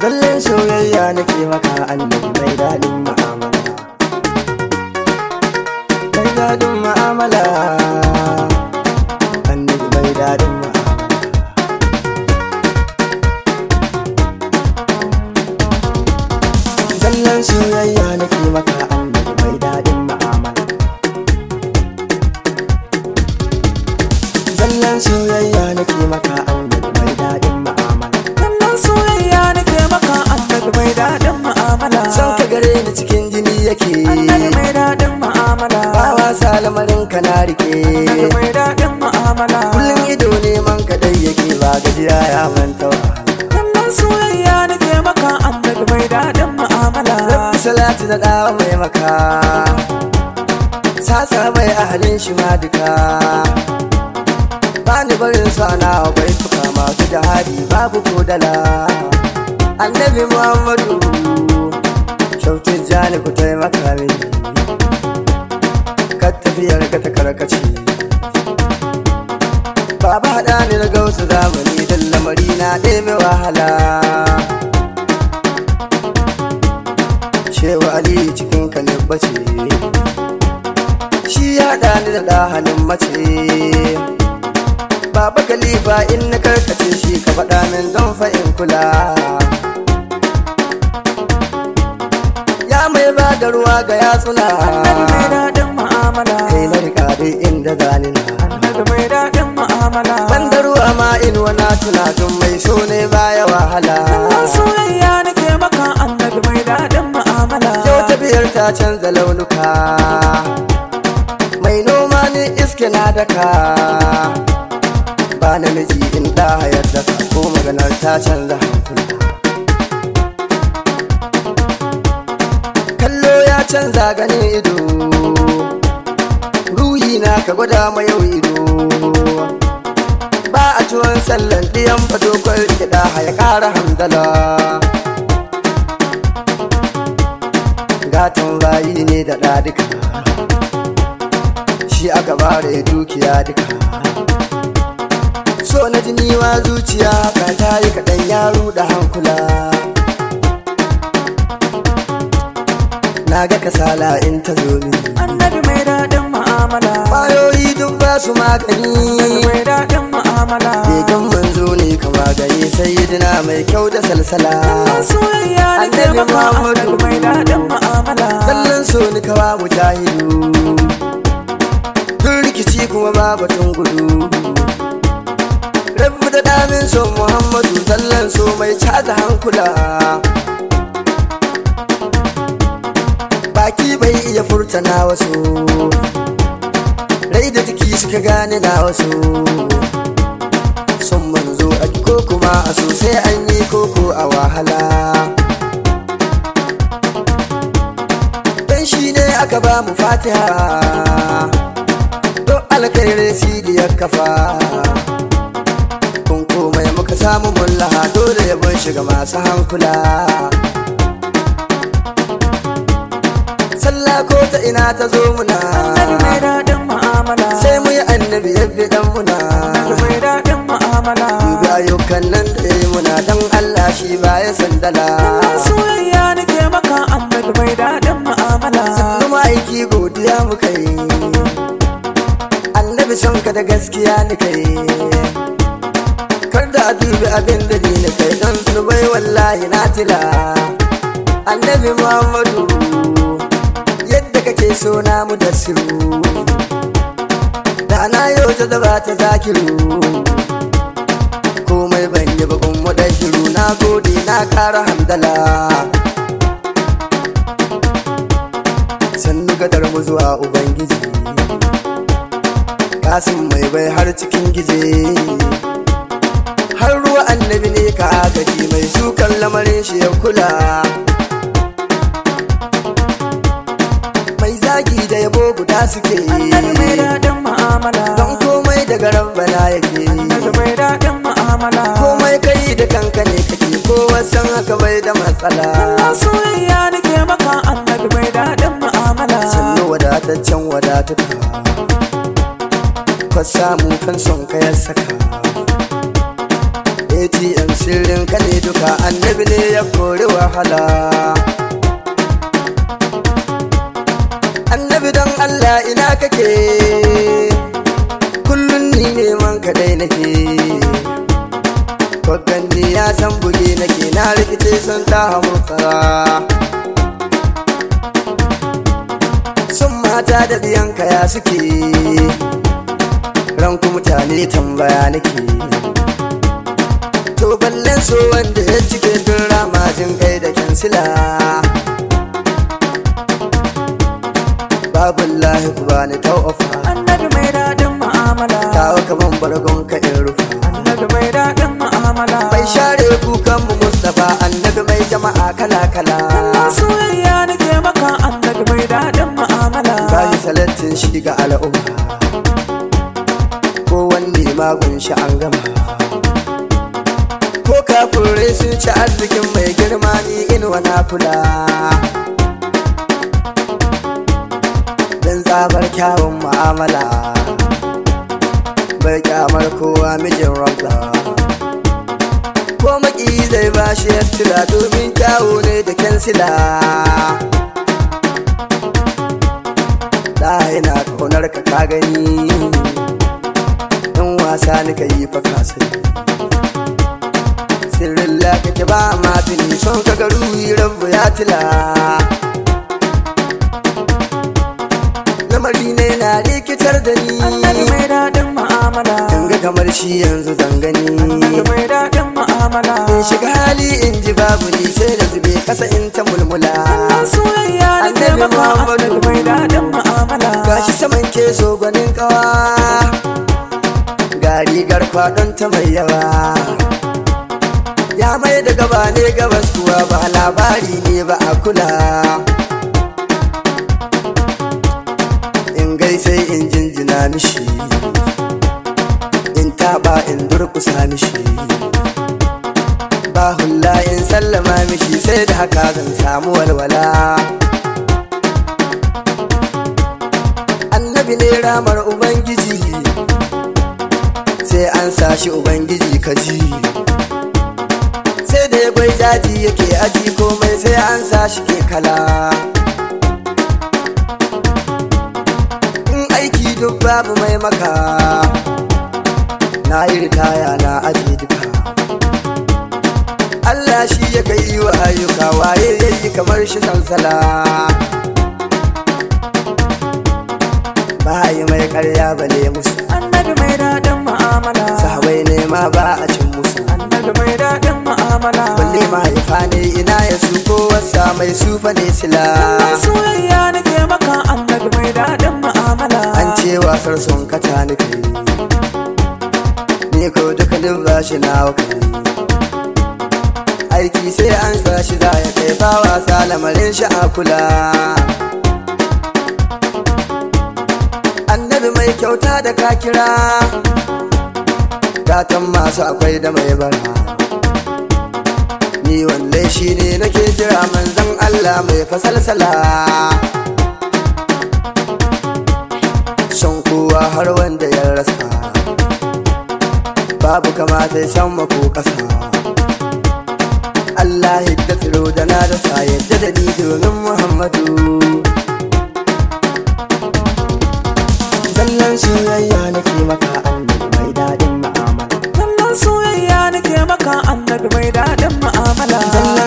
Kallon soyayya nake maka annabi mai daɗin ma'amala Mai daɗin ma'amala Annabi mai daɗin ka rike mai kullum ido neman man kaɗai yake ba gajiya ya manta wannan soyayya nake maka annabi mai daɗin mu'amala rabbi Salatu na dawa mai maka sasa mai ahalin shi ma duka bani barin sana bai tuka masu jihadi babu kodala annabi muhammadu shautin jani ku taimaka min baba haɗa ni da gausu zamani don lamari na ɗebe wahala cewa ali cikin ka ne bace shi ya haɗa ni da ɗahanin mace baba khalifa in na karkace shi ka faɗa min don fa'in kula ya mai ba da ruwa ga yatsuna mu'amala kai na rika inda zani na annabi mai daɗin mu'amala ban da ruwa ma in tuna tunatun mai so ne baya wahala dan soyayya nake maka annabi mai daɗin mu'amala yau biyar ta canza launuka mai noma ne iske na daka ba namiji in da hayar ko maganar ta canza hankula canza ganin ido na ka gwada ma yau ido ba a tuwon sallan ɗiyan ke da ya ƙara hamdala gatan bayi ne da ɗa duka shi aka bare dukiya duka so na wa zuciya ka ta yi kaɗan yaro da hankula na ga kasala in ta zo min annabi mai daɗin mu'amala Kwayoyi duk ba su magani Mai daɗin mu'amala Began manzo ne ka magani sayyidina mai kyau da salsala Soyayya na taimaka a mai daɗin mu'amala Sallan so ni kawa mujahidu Duk rikici kuma ba batun gudu Rabu da ɗamin so Muhammadu sallan so mai caza hankula baki bai iya furta na wasu Raida da jiki suka gane na wasu sun manzo a ko kuma a sosai an yi koko a wahala dan shi ne aka ba mu fatiha don alkhairai sidi ya kafa kun komai muka samu mullaha dole ya bar shiga masu hankula sallah ko ta ina ta zo muna biye bidan muna mai daɗin mu'amala ga ayyukan nan da yi muna don Allah shi ba ya sandala soyayya nake maka amma mai daɗin mu'amala sannu aiki godiya muka yi annabi son ka da gaskiya nika yi kar da dubi abin da ni na kai don zunubai wallahi na tila annabi muhammadu yadda kake so na mu da siru rana yau ta zaba ta zakiru komai ban yi bakon wadai shiru na gode na kara hamdala sannu gadar mu zuwa ubangiji kasin mai bai har cikin gije har ruwa annabi ne ka agaji mai sukan lamarin shi ya kula yabo guda suke yi don komai daga rabbala yake komai kai da kanka ne kake ko wasan haka bai da matsala Allah soyayya nake maka annabi mai daɗin mu'amala sannu wadataccen wadatata ka samu kan son ka ya saka ATM sirrin ka ne duka annabi ne ya kori wahala Allah ina kake kullum ni neman kadai nake Kwakwan ni ya san buge nake na rikice sun ta hamurkara Sun mata da biyan ya suke ranku mutane tambaya nake To ballen so wanda ya cike dun ramajin kai da kansila babu lahi ba ni ta annabi mai daɗin mu'amala tawa kaman bargon ka in rufa annabi mai daɗin mu'amala mai share kukan mu mustafa annabi mai jama'a kala kala soyayya nake maka annabi mai daɗin mu'amala bayi salatin shi ga al'umma kowanne magun shi an gama ko kafin sun ci arzikin mai girma ni inuwa na kula kyawun mu'amala bai kyamar kowa mijin rabla ko maki zai ba shi domin kyawu ne da kansila ɗaya yana kaunar ka ka gani in wasa ka yi su sirrin la ba ma tuni son ka garu rabu ya tila ya rikitar da ni annabi mai daɗin ma'amala Danga kamar shi yanzu zangani annabi mai daɗin ma'amala in shiga hali in ji babu ni sai da zube kasa in ta mulmula soyayya na taimaka annabi mai daɗin ma'amala gashi saman ke so gwanin kawa ga rigar kwaɗon ta mai yawa ya mai da gaba ne gabas kuwa ba labari ne ba a kula sai in jinjina mishi in taba in durkusa mishi ba hulla in sallama mishi sai da haka zan samu walwala annabi ne ramar ubangiji sai an shi ubangiji kaji sai da ya daji yake aji komai sai an shi ke kala babu mai maka na yi ritaya na ajiye duka Allah shi ya yi wa ayyuka waye yayi kamar shi sansala ba yi mai karya ne musu annabi mai rada mu'amala sahabai ne ma ba a cin musu annabi mai daɗin mu'amala balle mahaifa ne ina ya su kowarsa mai sufa ne sila soyayya ke maka annabi mai daɗin mu'amala an ce wasar son kata nake ni ko duka ba shi nawa kai aiki sai an sa shi za ya kai ba wasa lamarin shi a kula annabi mai kyauta da ka kira gatan masu akwai da mai bara ni wannan shi ne nake jira manzan Allah mai fasalsala son kowa har wanda ya rasa babu kama ya san ko kasa Allah ya tsiro da na da yadda da ni domin Muhammadu Zallan soyayya nake maka mai daɗin ma'amala